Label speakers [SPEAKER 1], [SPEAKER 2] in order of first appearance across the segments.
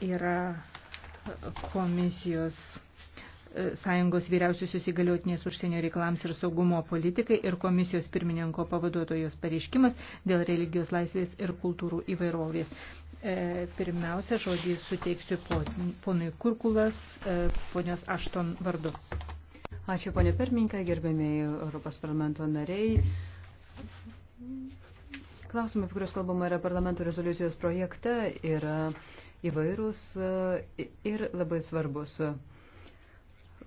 [SPEAKER 1] yra komisijos e, Sąjungos vyriausiosios įgaliotinės užsienio reikalams ir saugumo politikai ir komisijos pirmininko pavaduotojos pareiškimas dėl religijos laisvės ir kultūrų įvairovės. E, pirmiausia, žodį suteiksiu ponui Kurkulas, e, ponios Ašton vardu.
[SPEAKER 2] Ačiū, ponė pirmininkai, gerbėmiai Europos parlamento nariai. Klausimai, apie kuriuos kalbama yra parlamento rezoliucijos projekte, yra. Ir įvairūs e, ir labai svarbus.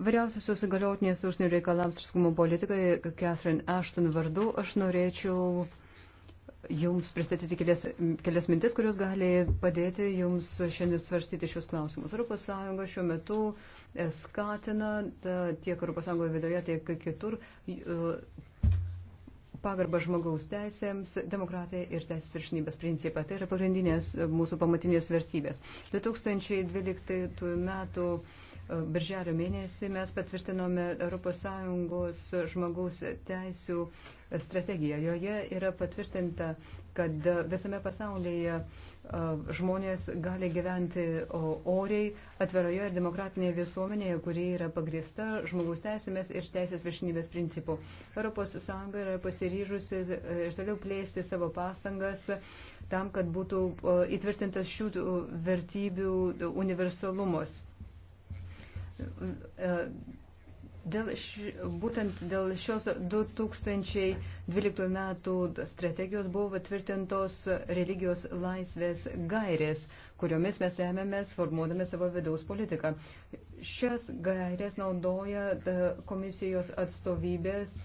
[SPEAKER 2] Vyriausiosios įgaliotinės užsienio reikalams ir skumo politikai Catherine Ashton vardu aš norėčiau Jums pristatyti kelias, kelias mintis, kurios gali padėti Jums šiandien svarstyti šios klausimus. ES šiuo metu e, skatina tiek ES viduje, tiek kitur e, pagarbą žmogaus teisėms, demokratiją ir teisės viršnybės principą. Tai yra pagrindinės mūsų pamatinės vertybės. 2012 metų e, birželio mėnesį mes patvirtinome ES žmogaus teisų strategiją. Joje yra patvirtinta, kad visame pasaulyje žmonės gali gyventi oriai, atveroje ir demokratinėje visuomenėje, kurie yra pagrįsta žmogaus teisėmis ir teisės viršinybės principų. ES yra pasiryžusi e, ir toliau plėsti savo pastangas tam, kad būtų įtvirtintas šių vertybių universalumas e, Dėl š, būtent dėl šios 2012 metų strategijos buvo patvirtintos religijos laisvės gairės, kuriomis mes remiamės formuodami savo vidaus politiką. Šias gairės naudoja e, komisijos atstovybės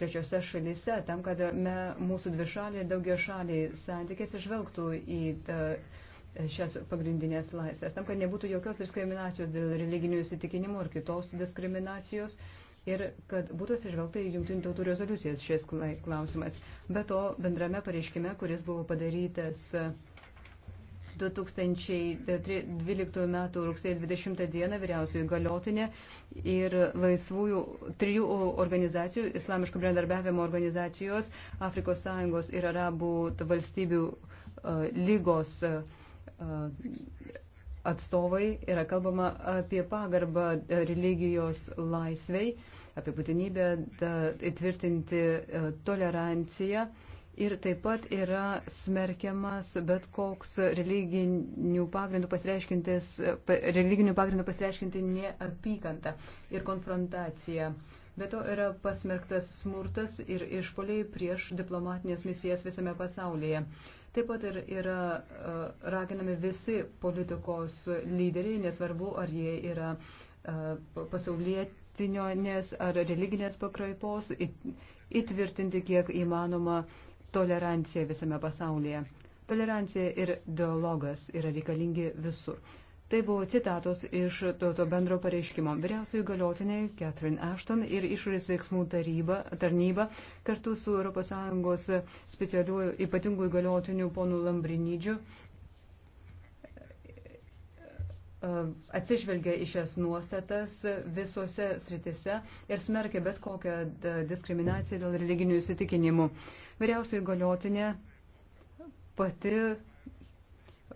[SPEAKER 2] trečiose šalyse, tam, kad me, mūsų dvišaliai ir daugia šaliai santykės išvelgtų į tą, e, šias pagrindinės laisvės, tam, kad nebūtų jokios diskriminacijos dėl religinių įsitikinimų ar kitos diskriminacijos ir kad būtų atsižvelgta į jungtinių tautų rezoliucijas šis klausimas. Be to, bendrame pareiškime, kuris buvo padarytas 2012 m. rugsėjo 20 d. vyriausiųjų galiotinė ir laisvųjų trijų organizacijų, islamiško bendarbiavimo organizacijos, Afrikos Sąjungos ir Arabų valstybių e, lygos uh, atstovai yra kalbama apie pagarbą religijos laisvei, apie būtinybę įtvirtinti e, toleranciją ir taip pat yra smerkiamas bet koks religinių pagrindų pasireiškintis, religinių pagrindų pasireiškinti neapykanta ir konfrontacija. Be to yra pasmerktas smurtas ir išpoliai prieš diplomatinės misijas visame pasaulyje. Taip pat ir yra e, raginami visi politikos lyderiai, nesvarbu, ar jie yra e, pasaulietinės ar religinės pakraipos, įtvirtinti kiek įmanoma toleranciją visame pasaulyje. Tolerancija ir dialogas yra reikalingi visur. Tai buvo citatos iš to, to bendro pareiškimo. Vyriausiųjų galiotiniai Catherine Ashton ir išorės veiksmų taryba, tarnyba kartu su ES specialiuoju ypatingų įgaliotiniu ponu Lambrinidžiu e, atsižvelgia į šias nuostatas visose sritise ir smerkia bet kokią e, diskriminaciją dėl religinių įsitikinimų. Vyriausiųjų galiotinė pati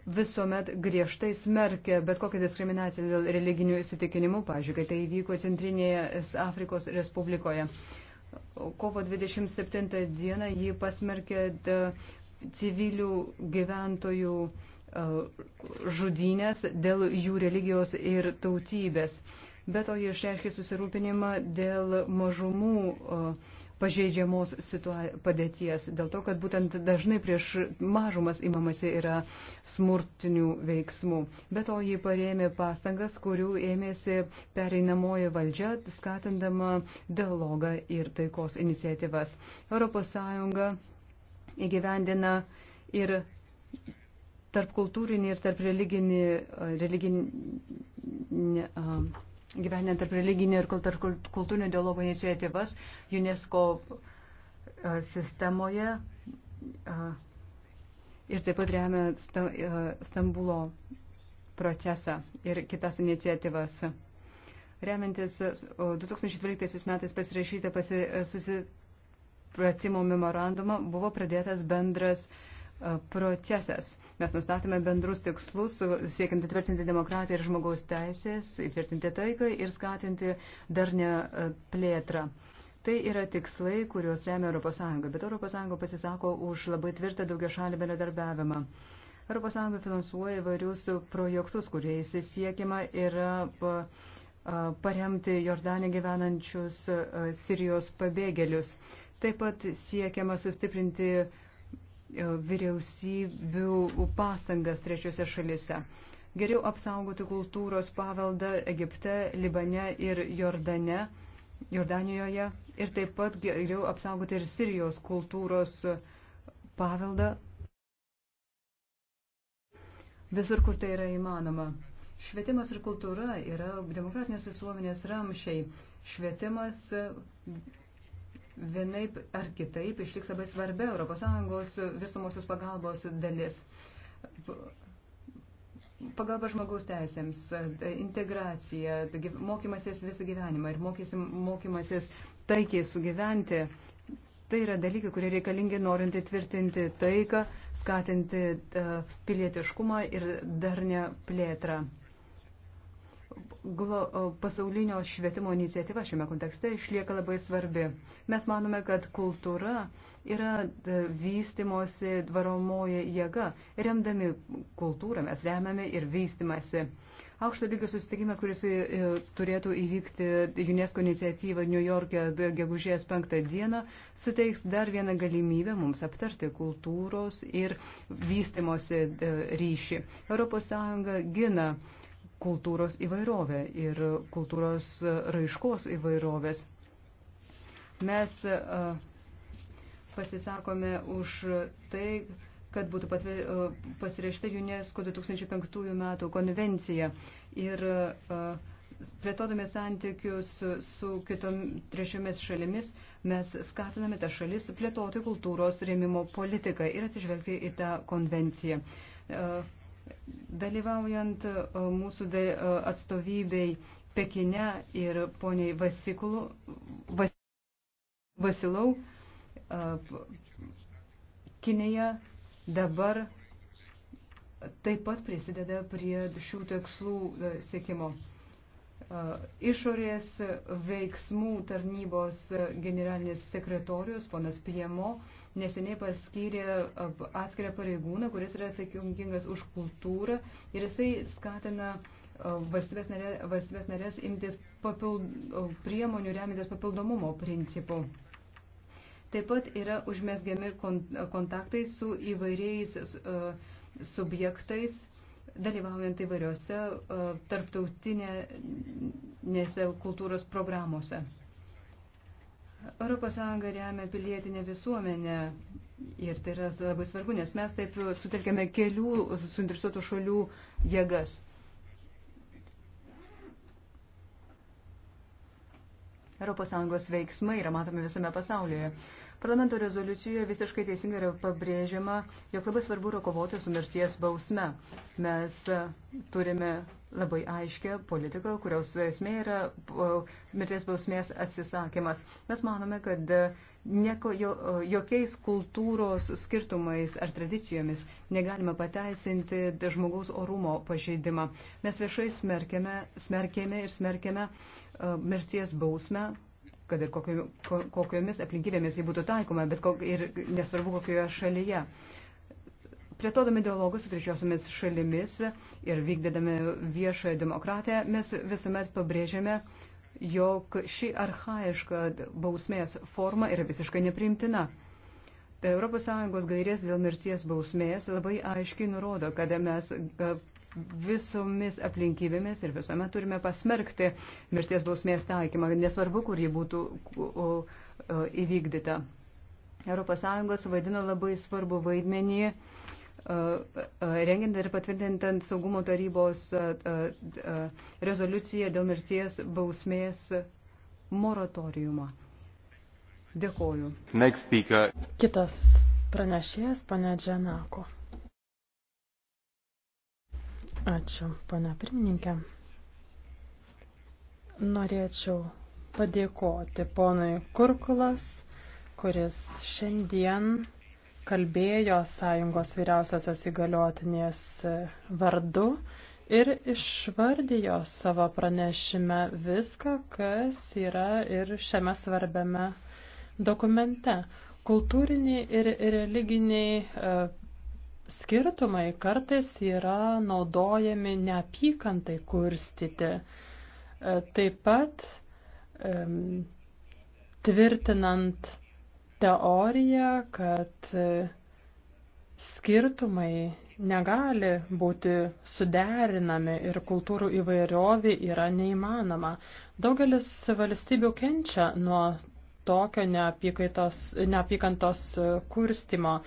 [SPEAKER 2] visuomet griežtai smerkė bet kokią diskriminaciją dėl religinių įsitikinimų, pažiūrėk, kai tai įvyko Centrinėje Afrikos Respublikoje. Kovo 27 dieną jį pasmerkė e, civilių gyventojų e, žudynės dėl jų religijos ir tautybės. Bet o jie išreiškė susirūpinimą dėl mažumų uh, pažeidžiamos padėties, dėl to, kad būtent dažnai prieš mažumas imamasi yra smurtinių veiksmų. Be to, jį parėmė pastangas, kurių ėmėsi pereinamoji valdžia, skatindama dialogą ir taikos iniciatyvas. ES įgyvendina ir tarp kultūrinį ir tarp religinį, religinį gyvenant tarp religinio ir kultūrinio dialogo iniciatyvas UNESCO e, sistemoje e, ir taip pat remia e, Stambulo procesą ir kitas iniciatyvas. Remiantis 2012 metais pasirašytą pasi, susipratimo memorandumą buvo pradėtas bendras procesas. Mes nustatėme bendrus tikslus, siekiant įtvirtinti demokratiją ir žmogaus teisės, įtvirtinti taiką ir skatinti darnę e, plėtrą. Tai yra tikslai, kuriuos remia ES, bet ES pasisako už labai tvirtą daugia šalį bendradarbiavimą. ES finansuoja įvairius projektus, kuriais siekiama yra paremti Jordanę gyvenančius Sirijos pabėgėlius. Taip pat siekiama sustiprinti uh, E, vyriausybių pastangas trečiose šalise. Geriau apsaugoti kultūros paveldą Egipte, Libane ir Jordane, Jordanijoje ir taip pat geriau apsaugoti ir Sirijos kultūros paveldą visur, kur tai yra įmanoma. Švietimas ir kultūra yra demokratinės visuomenės ramšiai. Švietimas vienaip ar kitaip išliks labai svarbi ES visumosios pagalbos dalis. Pagalba žmogaus teisėms, integracija, mokymasis visą gyvenimą ir mokysim, mokymasis taikiai sugyventi. Tai yra dalykai, kurie reikalingi norint įtvirtinti taiką, skatinti e, pilietiškumą ir darnę plėtrą pasaulinio švietimo iniciatyva šiame kontekste išlieka labai svarbi. Mes manome, kad kultūra yra e, vystimosi varomoji jėga. Remdami kultūrą mes remiame ir vystimasi. Aukšto lygio susitikimas, kuris e, e, turėtų įvykti UNESCO iniciatyvą New York'e gegužės penktą dieną, suteiks dar vieną galimybę mums aptarti kultūros ir vystimosi ryšį. ES gina kultūros įvairovę ir kultūros raiškos įvairovės. Mes pasisakome už tai, kad būtų pasirašyta UNESCO 2005 metų konvencija ir plėtodami santykius su kitom trečiomis šalimis, mes skatiname tą šalis plėtoti kultūros rėmimo politiką ir atsižvelgti į tą konvenciją. Uh, Dalyvaujant e, mūsų e, atstovybei Pekine ir poniai Vasikulu, Vas, Vasilau, e, Kinėje dabar taip pat prisideda prie šių tikslų siekimo. E, išorės veiksmų tarnybos generalinis sekretorius ponas Piemo neseniai paskyrė atskirą pareigūną, kuris yra atsakingas už kultūrą ir jisai skatina e, valstybės, narė, valstybės narės imtis papild, e, priemonių remintis papildomumo principų. Taip pat yra užmesgiami kontaktai su įvairiais subjektais dalyvaujant įvairiose e, tarptautinėse kultūros programuose. ES remia pilietinę visuomenę ir tai yra labai svarbu, nes mes taip sutelkėme kelių suinteresuotų šalių jėgas. ES veiksmai yra matomi visame pasaulyje. Parlamento rezoliucijoje visiškai teisingai yra pabrėžiama, jog labai svarbu yra kovoti su mirties bausme. Mes e, turime labai aiškę politiką, kurios esmė yra mirties bausmės atsisakymas. Mes manome, kad e, nieko, jo, jokiais kultūros skirtumais ar tradicijomis negalima pateisinti žmogaus orumo pažeidimą. Mes viešai smerkėme, smerkėme ir smerkėme e, mirties bausmę kad ir kokio, kokiomis aplinkybėmis jį būtų taikoma, bet kok, ir nesvarbu kokioje šalyje. Plėtodami dialogus su trečiosiomis šalimis ir vykdydami viešąją demokratiją, mes visuomet pabrėžiame, jog ši arhaiška bausmės forma yra visiškai nepriimtina. ES gairės dėl mirties bausmės labai aiškiai nurodo, kad mes visomis aplinkybėmis ir visuomet turime pasmerkti mirties bausmės taikymą, nesvarbu, kur ji būtų įvykdyta. ES suvaidino labai svarbu vaidmenį e, e, rengiant ir patvirtintant saugumo tarybos e, rezoliuciją dėl mirties bausmės
[SPEAKER 3] moratoriumą. Dėkoju. Kitas pranešėjas, pane Dženako. Ačiū, pana pirmininkė. Norėčiau padėkoti ponui Kurkulas, kuris šiandien kalbėjo sąjungos vyriausiosios įgaliotinės vardu ir išvardijo savo pranešime viską, kas yra ir šiame svarbiame dokumente. Kultūriniai ir religiniai skirtumai kartais yra naudojami neapykantai kurstyti. E, taip pat tvirtinant teoriją, kad e, skirtumai negali būti suderinami ir kultūrų įvairovė yra neįmanoma. Daugelis valstybių kenčia nuo tokio neapykantos e, kurstimo.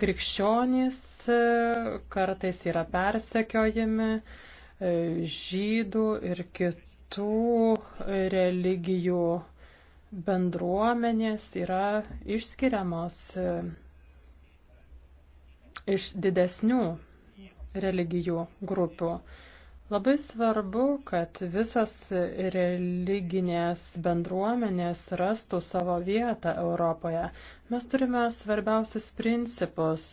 [SPEAKER 3] Krikščionys e, kartais yra persekiojami e, žydų ir kitų religijų bendruomenės yra išskiriamos e, iš didesnių religijų grupių. Labai svarbu, kad visas religinės bendruomenės rastų savo vietą Europoje. Mes turime svarbiausius principus.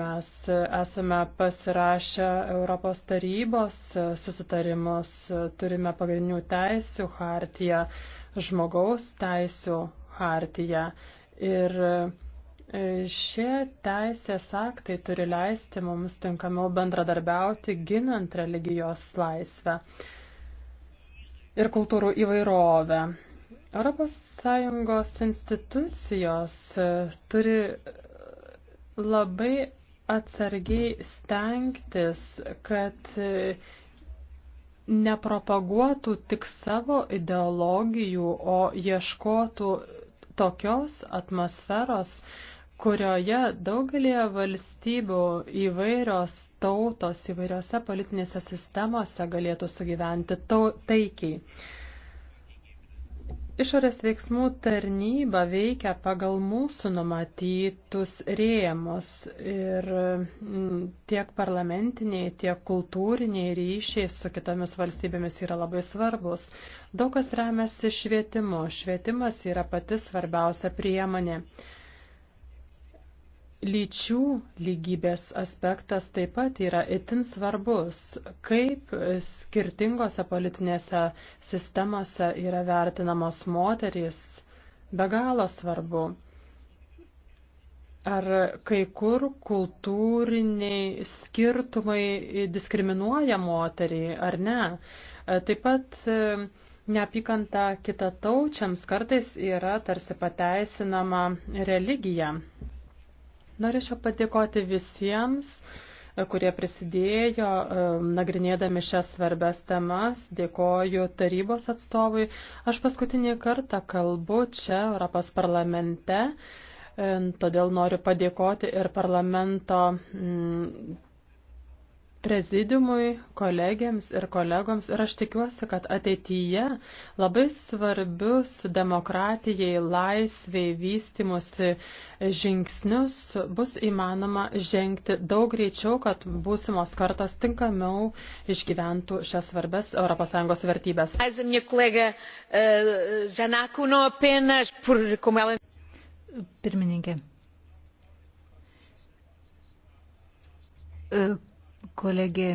[SPEAKER 3] Mes esame pasirašę Europos tarybos susitarimus, turime pagrindinių teisių hartiją, žmogaus teisių hartiją ir Šie teisės aktai turi leisti mums tinkamiau bendradarbiauti ginant religijos laisvę ir kultūrų įvairovę. ES institucijos e, turi labai atsargiai stengtis, kad e, nepropaguotų tik savo ideologijų, o ieškotų tokios atmosferos, kurioje daugelėje valstybių įvairios tautos įvairiose politinėse sistemose galėtų sugyventi taikiai. Išorės veiksmų tarnyba veikia pagal mūsų numatytus rėmus ir mm, tiek parlamentiniai, tiek kultūriniai ryšiai su kitomis valstybėmis yra labai svarbus. Daug kas remiasi švietimu. Švietimas yra pati svarbiausia priemonė. Lyčių lygybės aspektas taip pat yra itin svarbus, kaip skirtingose politinėse sistemose yra vertinamos moterys, be galo svarbu. Ar kai kur kultūriniai skirtumai diskriminuoja moterį ar ne? Taip pat e, neapykanta kitataučiams kartais yra tarsi pateisinama religija. Norėčiau padėkoti visiems, e, kurie prisidėjo e, nagrinėdami šias svarbias temas. Dėkoju tarybos atstovui. Aš paskutinį kartą kalbu čia Europos parlamente, e, todėl noriu padėkoti ir parlamento prezidimui, kolegiams ir kolegoms ir aš tikiuosi, kad ateityje labai svarbius demokratijai, laisviai vystimusi žingsnius bus įmanoma žengti daug greičiau, kad būsimos kartos tinkamiau išgyventų šias svarbes ES vertybės.
[SPEAKER 1] Eh, Pirmininkė eh, Kolegė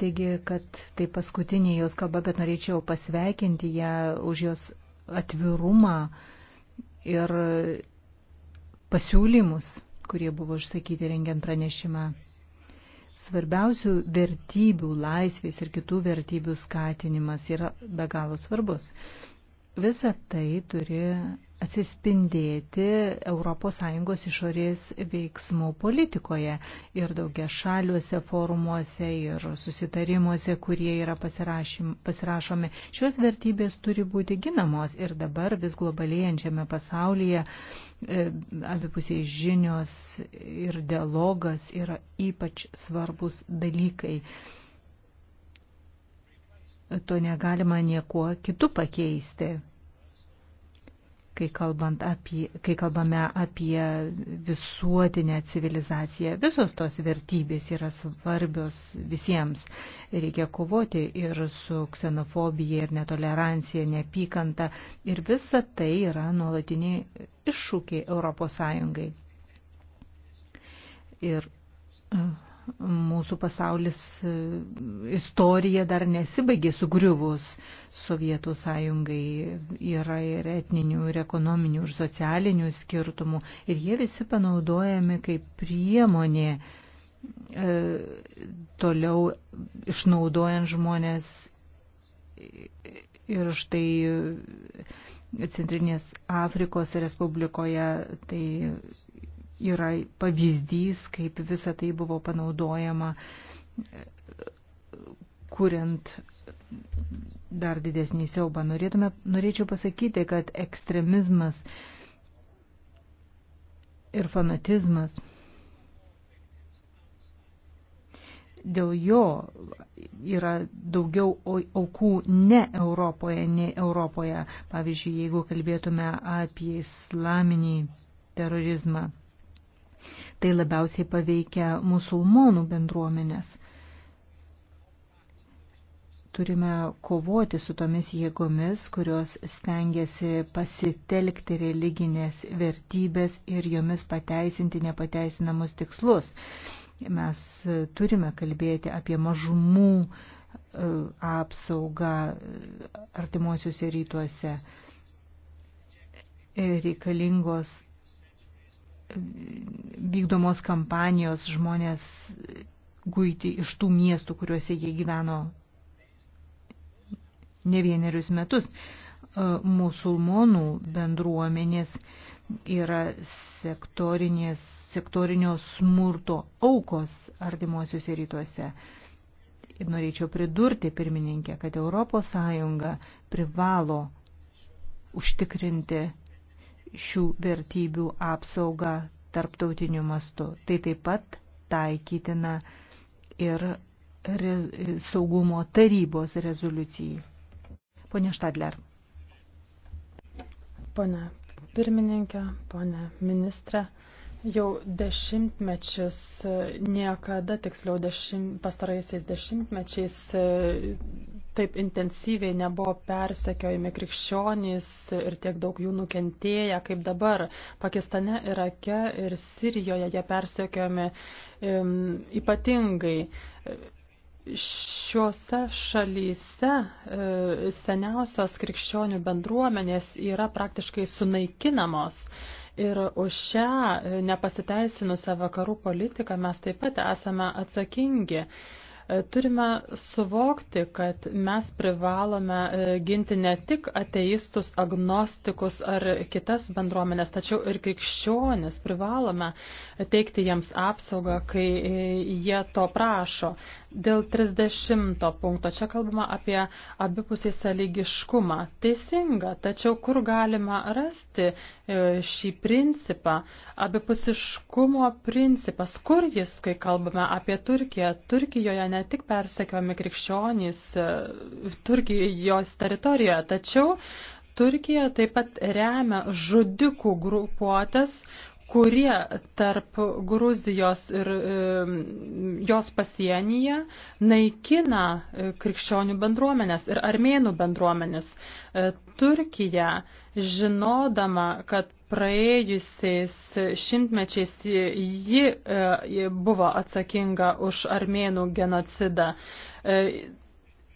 [SPEAKER 1] teigia, kad tai paskutinė jos kalba, bet norėčiau pasveikinti ją už jos atvirumą ir pasiūlymus, kurie buvo išsakyti rengiant pranešimą. Svarbiausių vertybių, laisvės ir kitų vertybių skatinimas yra be galo svarbus. Visa tai turi atsispindėti ES išorės veiksmų politikoje ir daugia šaliuose forumuose ir susitarimuose, kurie yra pasirašomi. Šios vertybės turi būti ginamos ir dabar vis globalėjančiame pasaulyje e, abipusiai žinios ir dialogas yra ypač svarbus dalykai to negalima niekuo kitų pakeisti kai, apie, kai kalbame apie visuotinę civilizaciją. Visos tos vertybės yra svarbios visiems. Reikia kovoti ir su ksenofobija, ir netolerancija, neapykanta. Ir visa tai yra nuolatiniai iššūkiai Europos Sąjungai. Ir uh, mūsų pasaulis e, istorija dar nesibaigė sugriuvus Sovietų sąjungai. Yra ir etninių, ir ekonominių, ir socialinių skirtumų. Ir jie visi panaudojami kaip priemonė e, toliau išnaudojant žmonės. Ir štai Centrinės Afrikos Respublikoje tai yra pavyzdys, kaip visa tai buvo panaudojama, kuriant dar didesnį siaubą. Norėtume, norėčiau pasakyti, kad ekstremizmas ir fanatizmas dėl jo yra daugiau aukų ne Europoje, nei Europoje. Pavyzdžiui, jeigu kalbėtume apie islaminį terorizmą. Tai labiausiai paveikia musulmonų bendruomenės. Turime kovoti su tomis jėgomis, kurios stengiasi pasitelkti religinės vertybės ir jomis pateisinti nepateisinamus tikslus. Mes turime kalbėti apie mažumų e, apsaugą e, artimuosiuose rytuose e, reikalingos vykdomos kampanijos žmonės guiti iš tų miestų, kuriuose jie gyveno ne vienerius metus. E, musulmonų bendruomenės yra sektorinio smurto aukos artimuosiuose rytuose. Ir norėčiau pridurti, pirmininkė, kad ES privalo užtikrinti šių vertybių apsaugą tarptautiniu mastu. Tai taip pat taikytina ir re, saugumo tarybos rezoliucijai. Pone Štadler.
[SPEAKER 3] Pone pirmininkė, pone ministrė. Jau dešimtmečius, niekada tiksliau dešim, pastaraisiais dešimtmečiais taip intensyviai nebuvo persekiojami krikščionys ir tiek daug jų nukentėję kaip dabar. Pakistane, Irake ir Sirijoje jie persekiojami um, ypatingai. Šiuose šalyse e, seniausios krikščionių bendruomenės yra praktiškai sunaikinamos ir už šią e, nepasiteisinusią vakarų politiką mes taip pat esame atsakingi. E, E, turime suvokti, kad mes privalome e, ginti ne tik ateistus, agnostikus ar kitas bendruomenės, tačiau ir krikščionis privalome teikti jiems apsaugą, kai e, jie to prašo. Dėl 30 punkto čia kalbama apie abipusį sąlygiškumą. Teisinga, tačiau kur galima rasti e, šį principą, abipusiškumo principas, kur jis, kai kalbame apie Turkiją. Turkijoje ne tik persekiojami krikščionys e, Turkijos teritorijoje, tačiau Turkija taip pat remia žudikų grupuotės, kurie tarp Gruzijos ir jos pasienyje naikina e, krikščionių bendruomenės ir armėnų bendruomenės. E, Turkija, žinodama, kad praėjusiais šimtmečiais ji e, buvo atsakinga už armėnų genocidą,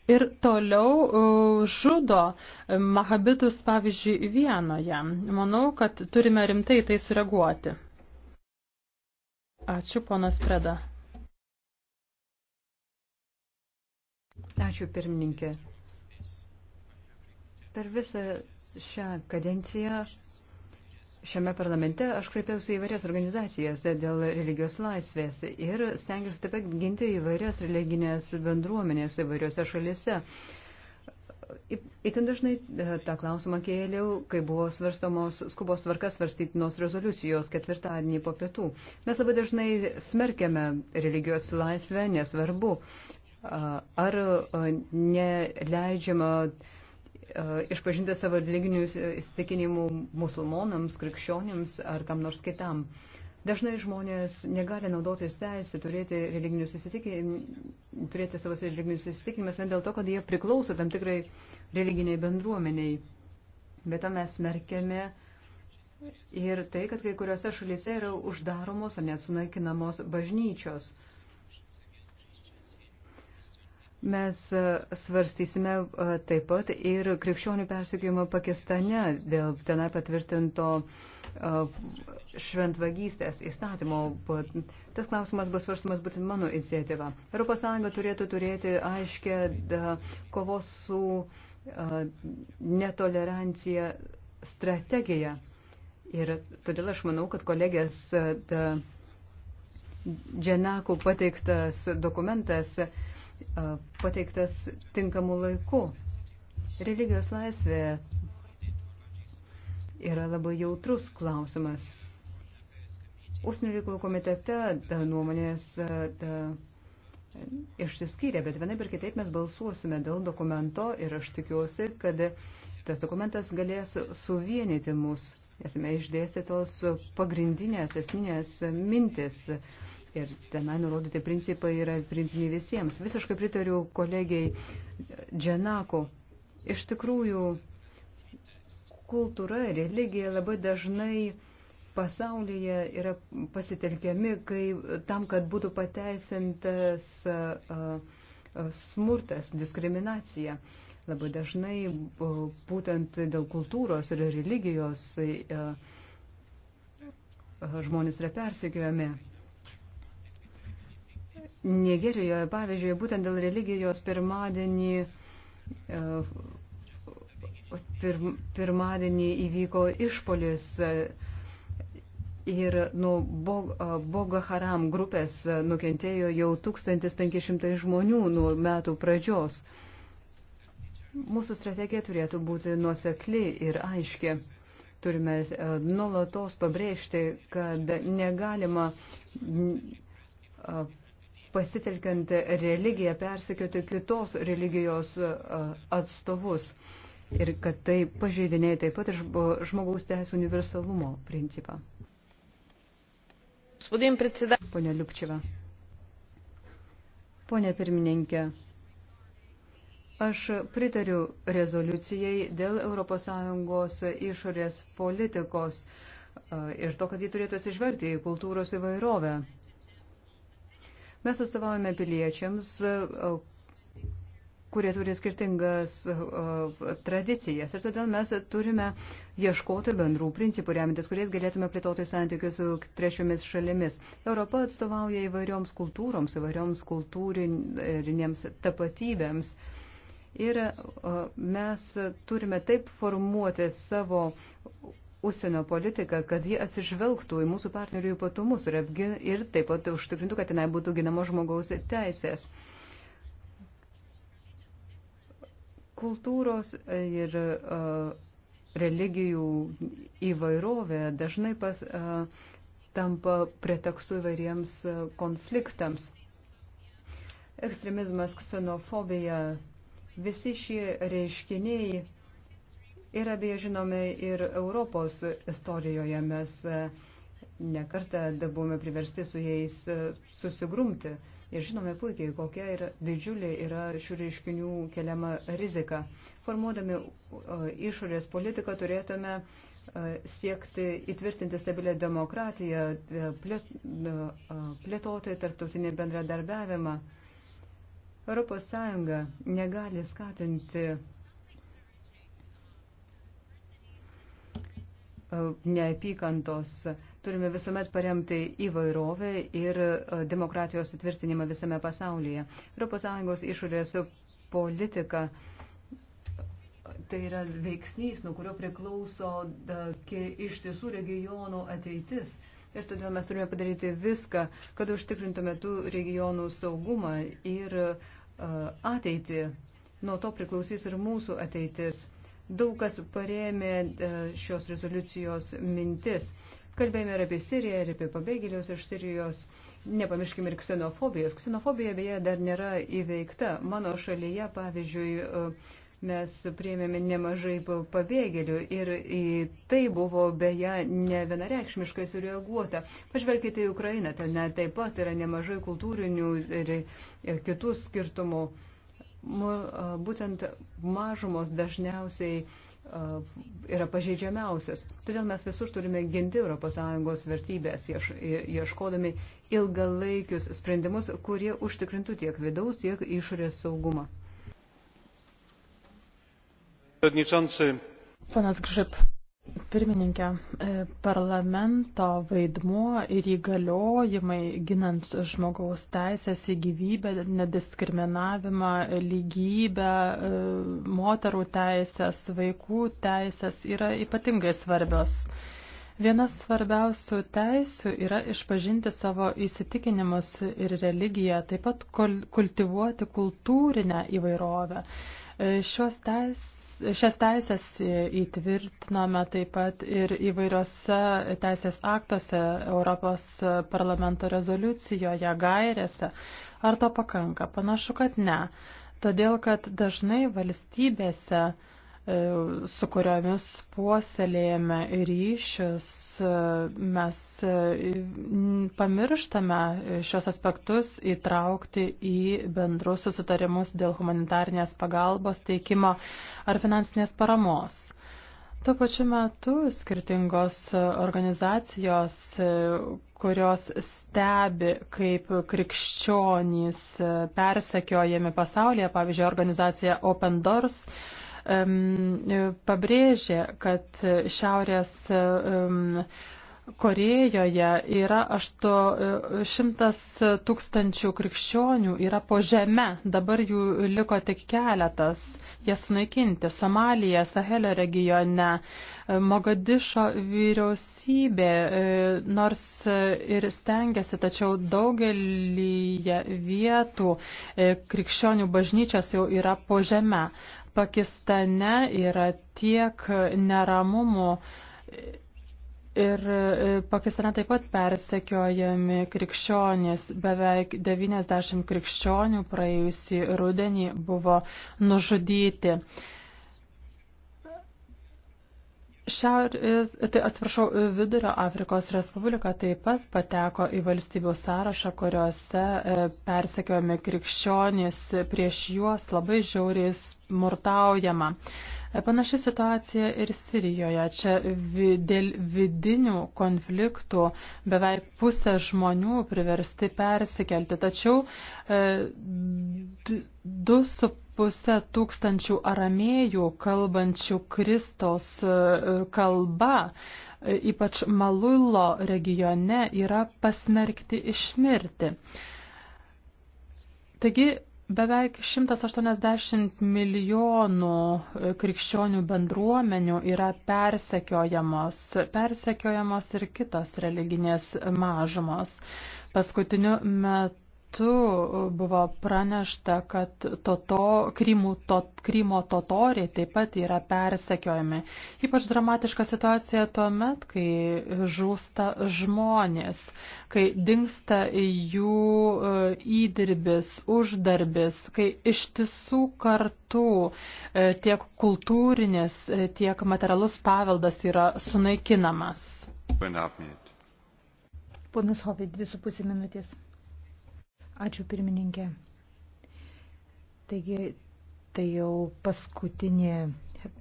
[SPEAKER 3] ir toliau e, žudo Mahabitus, pavyzdžiui, Vienoje. Manau, kad turime rimtai tai sureaguoti. Ačiū, ponas Preda. Ačiū, pirmininkė.
[SPEAKER 2] Per visą šią kadenciją šiame parlamente aš kreipiausi į įvairias organizacijas dėl religijos laisvės ir stengiuosi taip pat ginti įvairias religinės bendruomenės įvairiose šalise. Įtin dažnai e, tą klausimą kėliau, kai buvo svarstomos skubos tvarkas svarstytinos rezoliucijos ketvirtadienį po pietų. Mes labai dažnai smerkiame religijos laisvę, nesvarbu, ar neleidžiama E, išpažinti savo religinių įsitikinimų musulmonams, krikščionims ar kam nors kitam. Dažnai žmonės negali naudotis teisę turėti, turėti savo religinius įsitikinimus vien dėl to, kad jie priklauso tam tikrai religiniai bendruomeniai. Bet to mes smerkėme ir tai, kad kai kuriuose šalyse yra uždaromos ar net sunaikinamos bažnyčios. Mes e, svarstysime e, taip pat ir krikščionių persikėjimo Pakistane dėl tenai patvirtinto e, šventvagystės įstatymo. Tas klausimas bus svarstamas būtent mano iniciatyva. ES turėtų turėti aiškę kovos su netolerancija strategiją. Ir todėl aš manau, kad kolegės. Da, Dženako pateiktas dokumentas e, pateiktas tinkamu laiku. Religijos laisvė yra labai jautrus klausimas. Užsienio reikalų komitete ta e, nuomonės ta, e, išsiskyrė, bet vienaip ir kitaip mes balsuosime dėl dokumento ir aš tikiuosi, kad Tas dokumentas galės suvienyti mus, esame išdėstę tos pagrindinės, esminės mintis. Ir tenai nurodyti principai yra priimtini visiems. Visiškai pritariu kolegiai Dženako. Iš tikrųjų, kultūra, religija labai dažnai pasaulyje yra pasitelkiami kai, tam, kad būtų pateisintas smurtas, diskriminacija. Labai dažnai būtent dėl kultūros ir religijos e, žmonės yra persekiojami. Nigerijoje, pavyzdžiui, būtent dėl religijos pirmadienį, e, pir, pirmadienį įvyko išpolis e, ir nuo Boga Haram grupės nukentėjo jau 1500 žmonių nuo metų pradžios. Mūsų strategija turėtų būti nuosekli ir aiški. Turime e, nuolatos pabrėžti, kad negalima pasitelkiant religiją persekioti kitos religijos e, atstovus ir kad tai pažeidinėja taip pat ir žmogaus teisų universalumo principą. Pone Liupčiva. Pone pirmininkė. Aš pritariu rezoliucijai dėl ES išorės politikos e, ir to, kad jį turėtų atsižvelgti į kultūros įvairovę. Mes atstovaujame piliečiams, e, kurie turi skirtingas e, tradicijas ir todėl mes turime ieškoti bendrų principų remintis, kuriais galėtume plėtoti santykius su trečiomis šalimis. Europa atstovauja įvairioms kultūroms, įvairioms kultūrinėms tapatybėms. Ir mes turime taip formuoti savo užsienio politiką, kad ji atsižvelgtų į mūsų partnerių ypatumus ir, apgin, ir taip pat užtikrintų, kad tenai būtų ginamo žmogaus teisės. Kultūros ir uh, religijų įvairovė dažnai pas, uh, tampa pretekstu įvairiems konfliktams. Ekstremizmas, ksenofobija, Visi šie reiškiniai yra beje žinomi ir Europos istorijoje. Mes e, nekartą buvome priversti su jais e, susigrumti ir žinome puikiai, kokia yra didžiulė yra šių reiškinių keliama rizika. Formuodami e, išorės politiką turėtume siekti įtvirtinti stabilę demokratiją, plėtoti tarptautinį bendradarbiavimą. ES negali skatinti e, neapykantos. Turime visuomet paremti įvairovę ir e, demokratijos įtvirtinimą visame pasaulyje. ES išorės politika tai yra veiksnys, nuo kurio priklauso ištisų regionų ateitis. Ir todėl mes turime padaryti viską, kad užtikrintume tų regionų saugumą ir uh, ateitį. Nuo to priklausys ir mūsų ateitis. Daug kas parėmė e, šios rezoliucijos mintis. Kalbėjome ir apie Siriją, ir apie pabėgėlius iš Sirijos. Nepamirškime ir ksenofobijos. Ksenofobija beje dar nėra įveikta. Mano šalyje, pavyzdžiui, e, mes priėmėme nemažai pabėgėlių ir į tai buvo beje ne vienareikšmiškai sureaguota. Pažvelkite į Ukrainą, ten taip pat yra nemažai kultūrinių ir, ir kitų skirtumų. Būtent mažumos dažniausiai yra pažeidžiamiausias. Todėl mes visur turime ginti ES vertybės, ieškodami ilgalaikius sprendimus, kurie užtikrintų tiek vidaus, tiek išorės saugumą. Ponas
[SPEAKER 3] Gžip, pirmininkė, e, parlamento vaidmuo ir įgaliojimai ginant žmogaus teisės į gyvybę, nediskriminavimą, lygybę, e, moterų teisės, vaikų teisės yra ypatingai svarbios. Viena svarbiausių teisių yra išpažinti savo įsitikinimus ir religiją, taip pat kultivuoti kultūrinę įvairovę. Šios teisės Šias teisės įtvirtiname taip pat ir įvairiose teisės aktuose, Europos parlamento rezoliucijoje, gairėse. Ar to pakanka? Panašu, kad ne. Todėl, kad dažnai valstybėse uh, E, su kuriomis puoselėjame ryšius, e, mes e, pamirštame šios aspektus įtraukti į bendrus susitarimus dėl humanitarnės pagalbos teikimo ar finansinės paramos. Tuo pačiu metu skirtingos organizacijos, kurios stebi, kaip krikščionys persekiojami pasaulyje, pavyzdžiui, organizacija Open Doors, pabrėžė, kad Šiaurės Korejoje yra 800 e, tūkstančių krikščionių, yra po žeme, dabar jų liko tik keletas, jie sunaikinti. Somalija, Sahelio regione, e, Mogadišo vyriausybė, e, nors ir stengiasi, tačiau daugelį vietų krikščionių bažnyčios jau yra po žeme. Pakistane yra tiek neramumų ir e, Pakistane taip pat persekiojami krikščionys. Beveik 90 krikščionių praėjusį rudenį buvo nužudyti. Šiaurės, tai atsiprašau, Vidurio Afrikos Respublika taip pat pateko į valstybių sąrašą, kuriuose e, persekiojami krikščionys, prieš juos labai žiauriai smurtaujama. E, panaši situacija ir Sirijoje. Čia dėl vidinių konfliktų beveik pusė žmonių priversti persikelti. Tačiau e, du su pusę tūkstančių aramėjų kalbančių Kristos e, kalba, ypač Malulo regione, yra pasmerkti išmirti. Taigi Beveik 180 milijonų e, krikščionių bendruomenių yra persekiojamos, persekiojamos ir kitos religinės mažumos. Paskutiniu metu metu e, buvo pranešta, kad toto, krymų, to, Krymo totoriai taip pat yra persekiojami. Ypač dramatiška situacija tuo met, kai žūsta žmonės, kai dinksta jų e, įdirbis, uždarbis, kai iš tiesų kartų e, tiek kultūrinis, tiek materialus paveldas yra sunaikinamas.
[SPEAKER 1] Ponas Hovid, dvi su pusė minutės. Ačiū pirmininkė. Taigi, tai jau paskutinė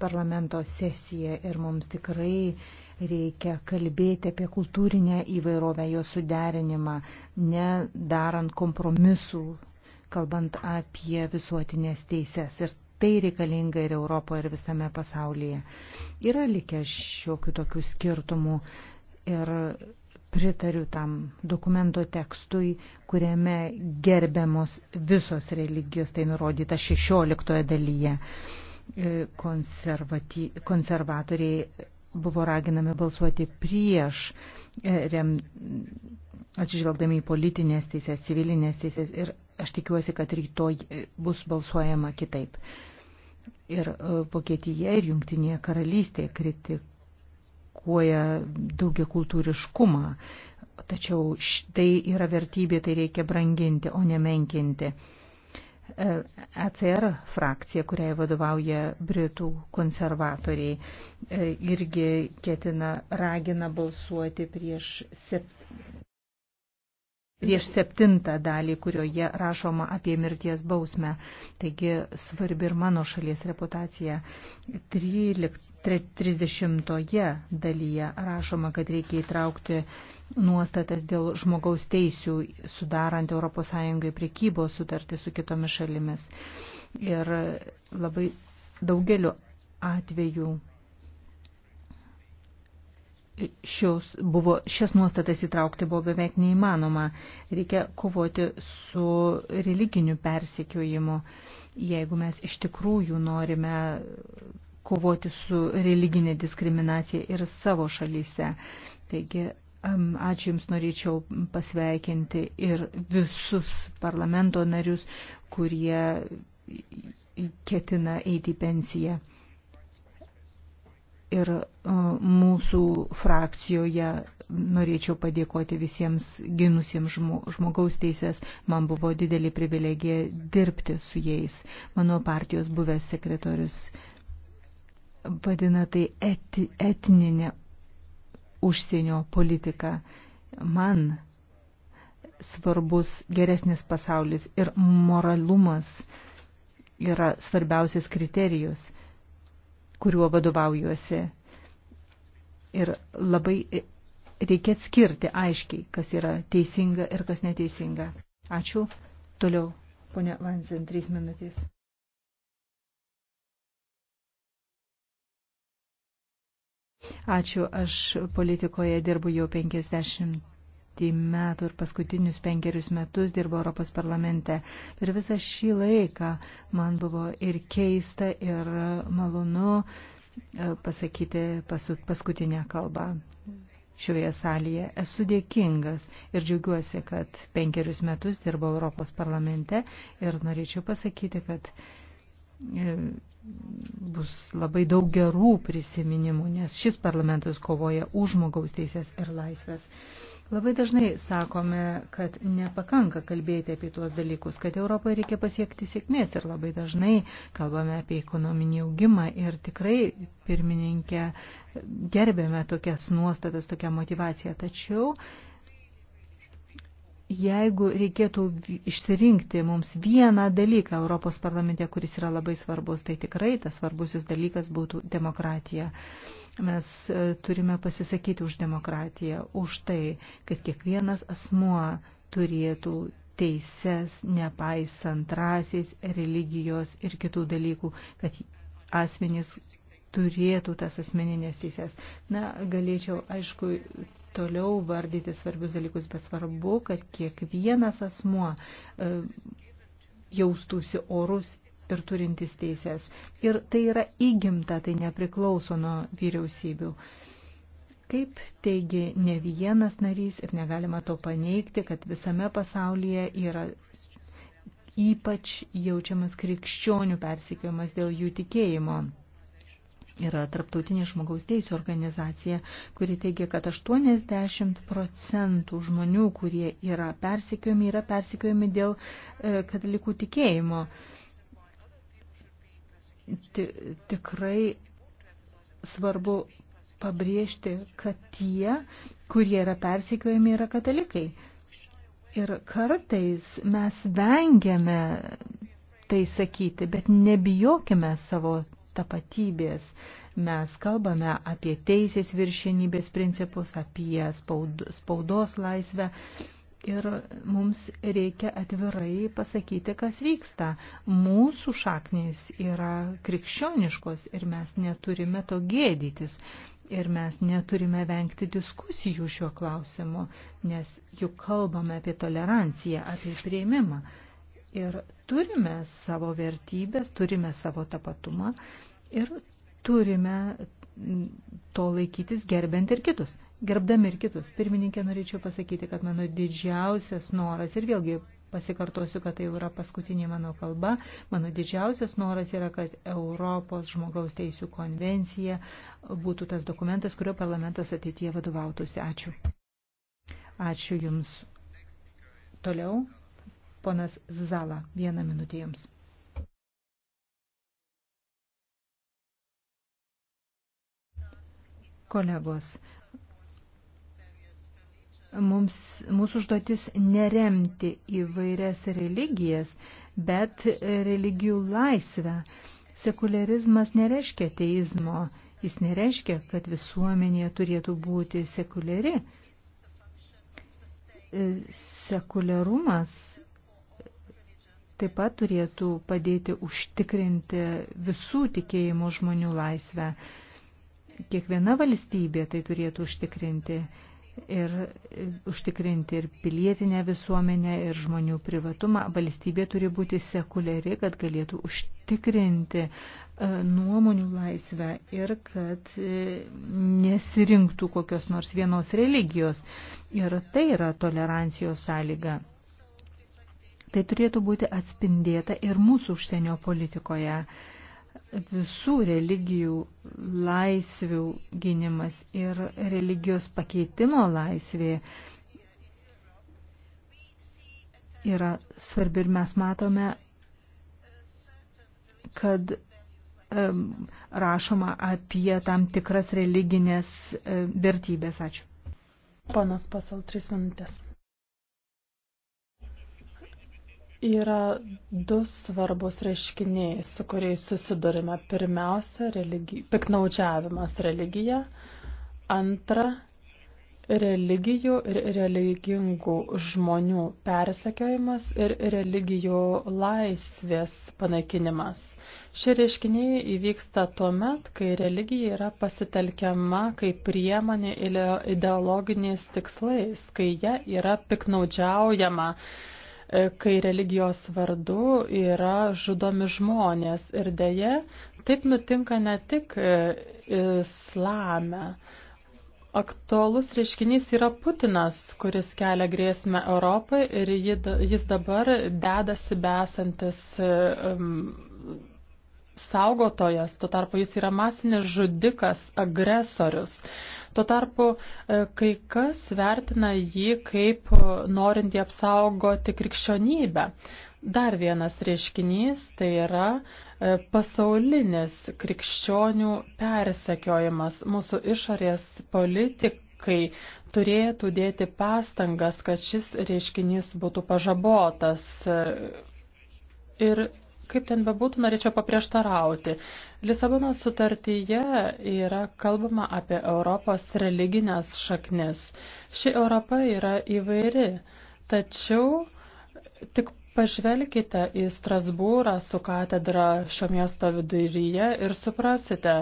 [SPEAKER 1] parlamento sesija ir mums tikrai reikia kalbėti apie kultūrinę įvairovę, jo suderinimą, nedarant kompromisų, kalbant apie visuotinės teises. Ir tai reikalinga ir Europoje, ir visame pasaulyje. Yra likę šiokių tokių skirtumų. Ir pritariu tam dokumento tekstui, kuriame gerbiamos visos religijos, tai nurodyta 16 dalyje. E, konservati, konservatoriai buvo raginami balsuoti prieš, e, rem, atsižvelgdami į politinės teisės, civilinės teisės ir aš tikiuosi, kad rytoj e, bus balsuojama kitaip. Ir Vokietija ir Junktinėje karalystėje kritik propaguoja daugia kultūriškumą. Tačiau tai yra vertybė, tai reikia branginti, o ne menkinti. ECR e frakcija, kuriai vadovauja Britų konservatoriai, e, irgi ketina ragina balsuoti prieš prieš septintą dalį, kurioje rašoma apie mirties bausmę. Taigi svarbi ir mano šalies reputacija. 30 dalyje rašoma, kad reikia įtraukti nuostatas dėl žmogaus teisių, sudarant ES priekybos sutartį su kitomis šalimis. Ir labai daugeliu atveju šios, buvo, šias nuostatas įtraukti buvo beveik neįmanoma. Reikia kovoti su religiniu persekiojimu. Jeigu mes iš tikrųjų norime kovoti su religinė diskriminacija ir savo šalyse. Taigi, ačiū Jums norėčiau pasveikinti ir visus parlamento narius, kurie ketina eiti į pensiją ir e, mūsų frakcijoje norėčiau padėkoti visiems ginusiems žmogaus teisės. Man buvo didelė privilegija dirbti su jais. Mano partijos buvęs sekretorius vadina tai eti, etninė užsienio politika. Man svarbus geresnis pasaulis ir moralumas yra svarbiausias kriterijus kuriuo vadovaujuosi. Ir labai reikia atskirti aiškiai, kas yra teisinga ir kas neteisinga. Ačiū. Toliau, ponia Vansen, trys minutės. Ačiū, aš politikoje dirbu jau 50 dešimtį metų ir paskutinius penkerius metus dirbo Europos parlamente. Per visą šį laiką man buvo ir keista, ir malonu e, pasakyti paskutinę kalbą šioje salėje. Esu dėkingas ir džiaugiuosi, kad penkerius metus dirbau Europos parlamente ir norėčiau pasakyti, kad e, bus labai daug gerų prisiminimų, nes šis parlamentas kovoja už žmogaus teisės ir laisvės. Labai dažnai sakome, kad nepakanka kalbėti apie tuos dalykus, kad Europoje reikia pasiekti sėkmės ir labai dažnai kalbame apie ekonominį augimą ir tikrai pirmininkė gerbėme tokias nuostatas, tokią motivaciją. Tačiau jeigu reikėtų išsirinkti mums vieną dalyką Europos parlamente, kuris yra labai svarbus, tai tikrai tas svarbusis dalykas būtų demokratija. Mes e, turime pasisakyti už demokratiją, už tai, kad kiekvienas asmuo turėtų teises, nepaisant rasės, religijos ir kitų dalykų, kad asmenys turėtų tas asmeninės teises. Na, galėčiau, aišku, toliau vardyti svarbius dalykus, bet svarbu, kad kiekvienas asmuo e, jaustųsi orus ir turintys teisės. Ir tai yra įgimta, tai nepriklauso nuo vyriausybių. Kaip teigi ne vienas narys ir negalima to paneigti, kad visame pasaulyje yra ypač jaučiamas krikščionių persikėjimas dėl jų tikėjimo. Yra tarptautinė žmogaus teisų organizacija, kuri teigia, kad 80 procentų žmonių, kurie yra persikėjami, yra persikėjami dėl e, katalikų tikėjimo. E, tikrai svarbu pabrėžti, kad tie, kurie yra persekiojami, yra katalikai. Ir kartais mes vengiame tai sakyti, bet nebijokime savo tapatybės. Mes kalbame apie teisės viršienybės principus, apie spaudos laisvę, ir mums reikia atvirai pasakyti, kas vyksta. Mūsų šaknys yra krikščioniškos ir mes neturime to gėdytis. Ir mes neturime vengti diskusijų šiuo klausimu, nes juk kalbame apie toleranciją, apie prieimimą. Ir turime savo vertybės, turime savo tapatumą ir turime to laikytis gerbent ir kitus, gerbdami ir kitus. Pirmininkė, norėčiau pasakyti, kad mano didžiausias noras ir vėlgi pasikartosiu, kad tai yra paskutinė mano kalba. Mano didžiausias noras yra, kad Europos žmogaus teisų konvencija būtų tas dokumentas, kurio parlamentas ateityje vadovautųsi. Ačiū. Ačiū Jums. Toliau, ponas Zala, vieną minutę Jums. Kolegos, mums, mūsų užduotis neremti įvairias religijas, bet religijų laisvę. Sekularizmas nereiškia teizmo, jis nereiškia, kad visuomenė turėtų būti sekuliari. Sekuliarumas taip pat turėtų padėti užtikrinti visų tikėjimo žmonių laisvę kiekviena valstybė tai turėtų užtikrinti ir užtikrinti ir pilietinę visuomenę, ir žmonių privatumą. Valstybė turi būti sekuliari, kad galėtų užtikrinti e, nuomonių laisvę ir kad e, nesirinktų kokios nors vienos religijos. Ir tai yra tolerancijos sąlyga. Tai turėtų būti atspindėta ir mūsų užsienio politikoje visų religijų laisvių gynimas ir religijos pakeitimo laisvė yra svarbi ir mes matome, kad rašoma apie tam tikras religinės
[SPEAKER 3] vertybės. Ačiū. Ponas Pasal, tris minutės. Yra du svarbus reiškiniai, su kuriais susidurime. Pirmiausia, religi... piknaudžiavimas religija. Antra, religijų ir religingų žmonių persekiojimas ir religijų laisvės panaikinimas. Šie reiškiniai įvyksta tuo met, kai religija yra pasitelkiama kaip priemonė ideologiniais tikslais, kai ją yra piknaudžiaujama E, kai religijos vardu yra žudomi žmonės. Ir dėje taip nutinka ne tik e, islame. Aktualus reiškinys yra Putinas, kuris kelia grėsmę Europai ir jis dabar dedasi besantis um, saugotojas, tuo tarpu jis yra masinis žudikas, agresorius. Tuo tarpu e, kai kas vertina jį kaip e, norintį apsaugoti krikščionybę. Dar vienas reiškinys tai yra e, pasaulinis krikščionių persekiojimas. Mūsų išorės politikai turėtų dėti pastangas, kad šis reiškinys būtų pažabotas ir Kaip ten bebūtų, norėčiau paprieštarauti. Lisabono sutartyje yra kalbama apie Europos religinės šaknis. Ši Europa yra įvairi, tačiau tik pažvelkite į Strasbūrą su katedra šio miesto viduryje ir suprasite,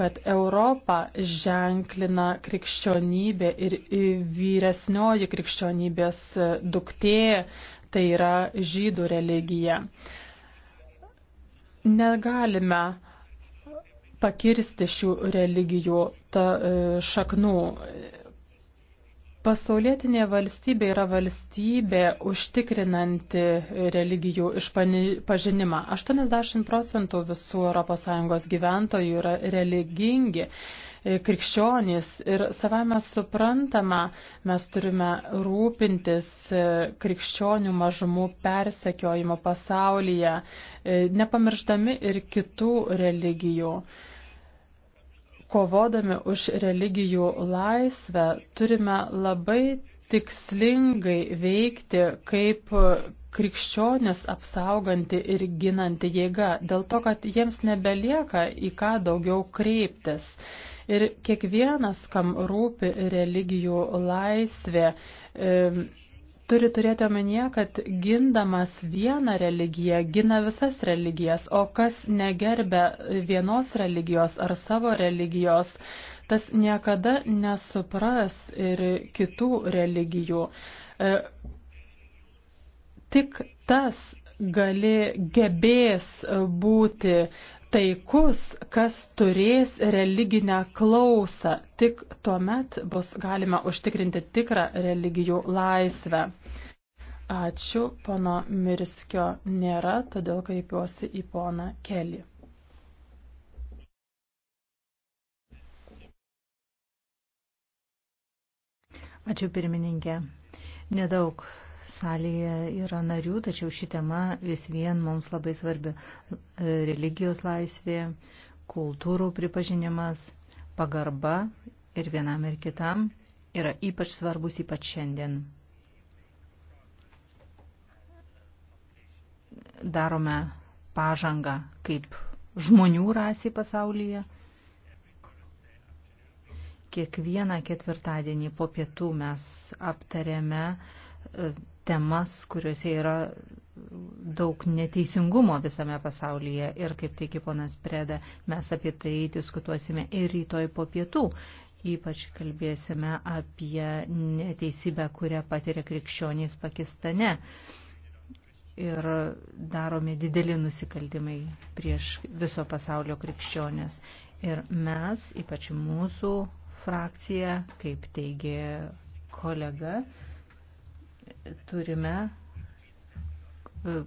[SPEAKER 3] kad Europą ženklina krikščionybė ir vyresnioji krikščionybės duktė, tai yra žydų religija. Negalime pakirsti šių religijų ta, e, šaknų. Pasaulietinė valstybė yra valstybė užtikrinanti religijų išpažinimą. 80 procentų visų ES gyventojų yra religingi E, krikščionys ir savame suprantama, mes turime rūpintis e, krikščionių mažumų persekiojimo pasaulyje, e, nepamirštami ir kitų religijų kovodami už religijų laisvę, turime labai tikslingai veikti kaip krikščionis apsauganti ir ginanti jėga, dėl to, kad jiems nebelieka į ką daugiau kreiptis. Ir kiekvienas, kam rūpi religijų laisvė, e, turi turėti omenyje, kad gindamas vieną religiją, gina visas religijas, o kas negerbia vienos religijos ar savo religijos, tas niekada nesupras ir kitų religijų. E, tik tas gali gebės būti taikus, kas turės religinę klausą. Tik tuomet bus galima užtikrinti tikrą religijų laisvę. Ačiū, pono Mirskio nėra, todėl kreipiuosi į poną Kelį.
[SPEAKER 1] Ačiū pirmininkė. Nedaug salėje yra narių, tačiau ši tema vis vien mums labai svarbi. Religijos laisvė, kultūrų pripažinimas, pagarba ir vienam ir kitam yra ypač svarbus ypač šiandien. Darome pažangą kaip žmonių rasiai pasaulyje. Kiekvieną ketvirtadienį po pietų mes aptarėme temas, kuriuose yra daug neteisingumo visame pasaulyje ir kaip tiki ponas Preda, mes apie tai diskutuosime ir rytoj po pietų. Ypač kalbėsime apie neteisybę, kurią patiria krikščionys Pakistane ir daromi dideli nusikaltimai prieš viso pasaulio krikščionės. Ir mes, ypač mūsų frakcija, kaip teigė kolega, turime e,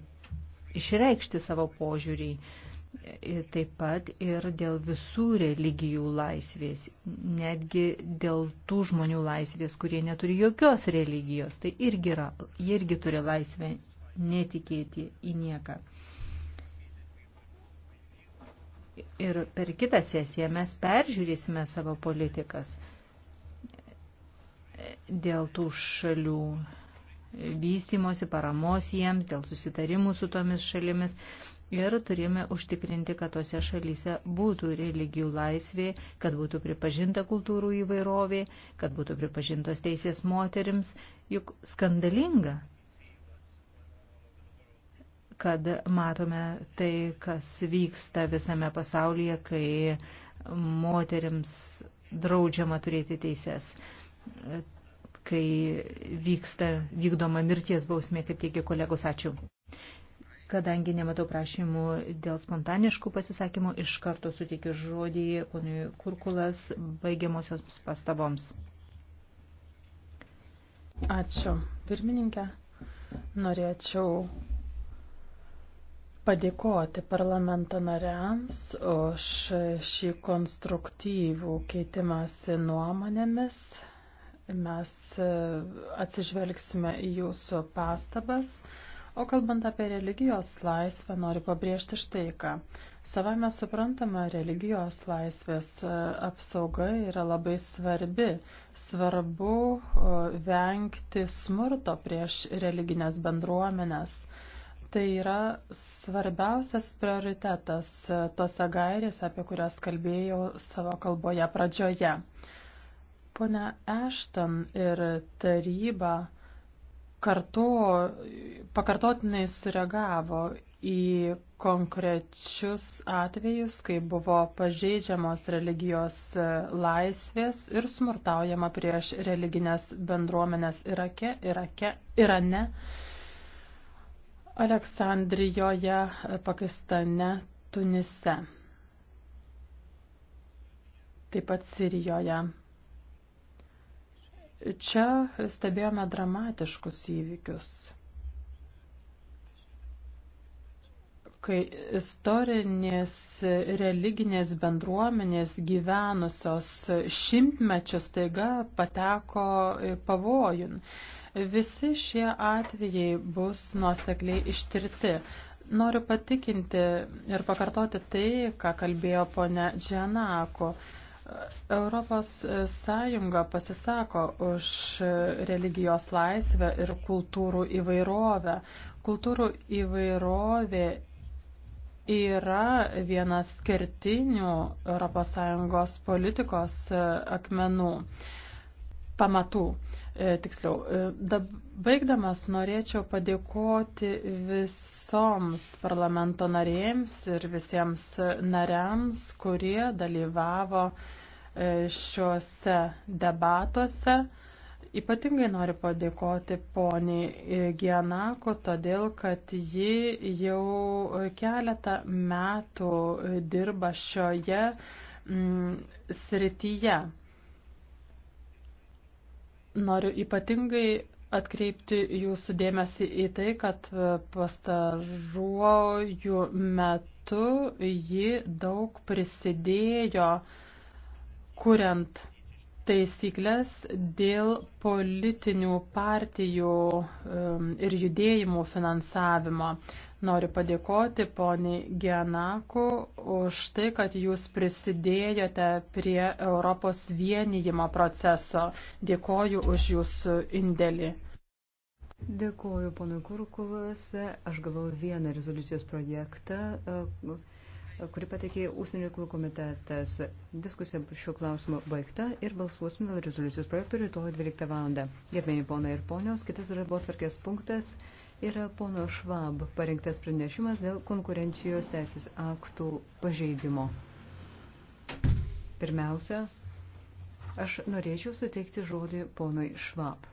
[SPEAKER 1] išreikšti savo požiūrį e, taip pat ir dėl visų religijų laisvės, netgi dėl tų žmonių laisvės, kurie neturi jokios religijos, tai irgi yra, jie irgi turi laisvę netikėti į nieką. Ir per kitą sesiją mes peržiūrėsime savo politikas dėl tų šalių vystimosi, paramos jiems, dėl susitarimų su tomis šalimis. Ir turime užtikrinti, kad tose šalyse būtų religijų laisvė, kad būtų pripažinta kultūrų įvairovė, kad būtų pripažintos teisės moterims. Juk skandalinga, kad matome tai, kas vyksta visame pasaulyje, kai moterims draudžiama turėti teises kai vyksta vykdoma mirties bausmė, kaip teigia kolegos. Ačiū. Kadangi nematau prašymų dėl spontaniškų pasisakymų, iš karto suteikiu žodį ponui Kurkulas baigiamosios
[SPEAKER 3] pastaboms. Ačiū, pirmininkė. Norėčiau padėkoti parlamento nariams už šį konstruktyvų keitimąsi nuomonėmis Mes e, atsižvelgsime į jūsų pastabas. O kalbant apie religijos laisvę, noriu pabrėžti štai ką. Savame suprantama, religijos laisvės e, apsauga yra labai svarbi. Svarbu e, vengti smurto prieš religinės bendruomenės. Tai yra svarbiausias prioritetas tose gairėse, apie kurias kalbėjau savo kalboje pradžioje. Pone Ešton ir taryba kartu pakartotinai sureagavo į konkrečius atvejus, kai buvo pažeidžiamos religijos laisvės ir smurtaujama prieš religinės bendruomenės Irake, Irake, Irane, Aleksandrijoje, Pakistane, Tunise, taip pat Sirijoje. Čia stebėjome dramatiškus įvykius. kai istorinės religinės bendruomenės gyvenusios šimtmečius taiga pateko pavojun. Visi šie atvejai bus nuosekliai ištirti. Noriu patikinti ir pakartoti tai, ką kalbėjo ponia Džianako. Europos Sąjunga pasisako už religijos laisvę ir kultūrų įvairovę. Kultūrų įvairovė yra vienas kertinių Europos Sąjungos politikos akmenų pamatų. E, tiksliau. E, baigdamas norėčiau padėkoti visoms parlamento narėms ir visiems nariams, kurie dalyvavo e, šiuose debatuose. Ypatingai noriu padėkoti poniai Gienako, todėl kad ji jau keletą metų dirba šioje mm, srityje. Noriu ypatingai atkreipti jūsų dėmesį į tai, kad e, pastaruoju metu ji daug prisidėjo kuriant taisyklės dėl politinių partijų ir judėjimų finansavimo. Noriu padėkoti poniai Gianaku už tai, kad jūs prisidėjote prie Europos vienijimo proceso. Dėkoju už jūsų indėlį.
[SPEAKER 2] Dėkoju, ponui Kurkulas. Aš gavau vieną rezoliucijos projektą e, kuri pateikė Ūsienio reikalų komitetas. Diskusija šiuo klausimu baigta ir balsuosime dėl rezoliucijos projektų rytoj 12 val. Gerbėjai ponai ir ponios, kitas darbo tvarkės punktas yra pono Švab parengtas pranešimas dėl konkurencijos teisės aktų pažeidimo. Pirmiausia, aš norėčiau suteikti žodį ponui Švab.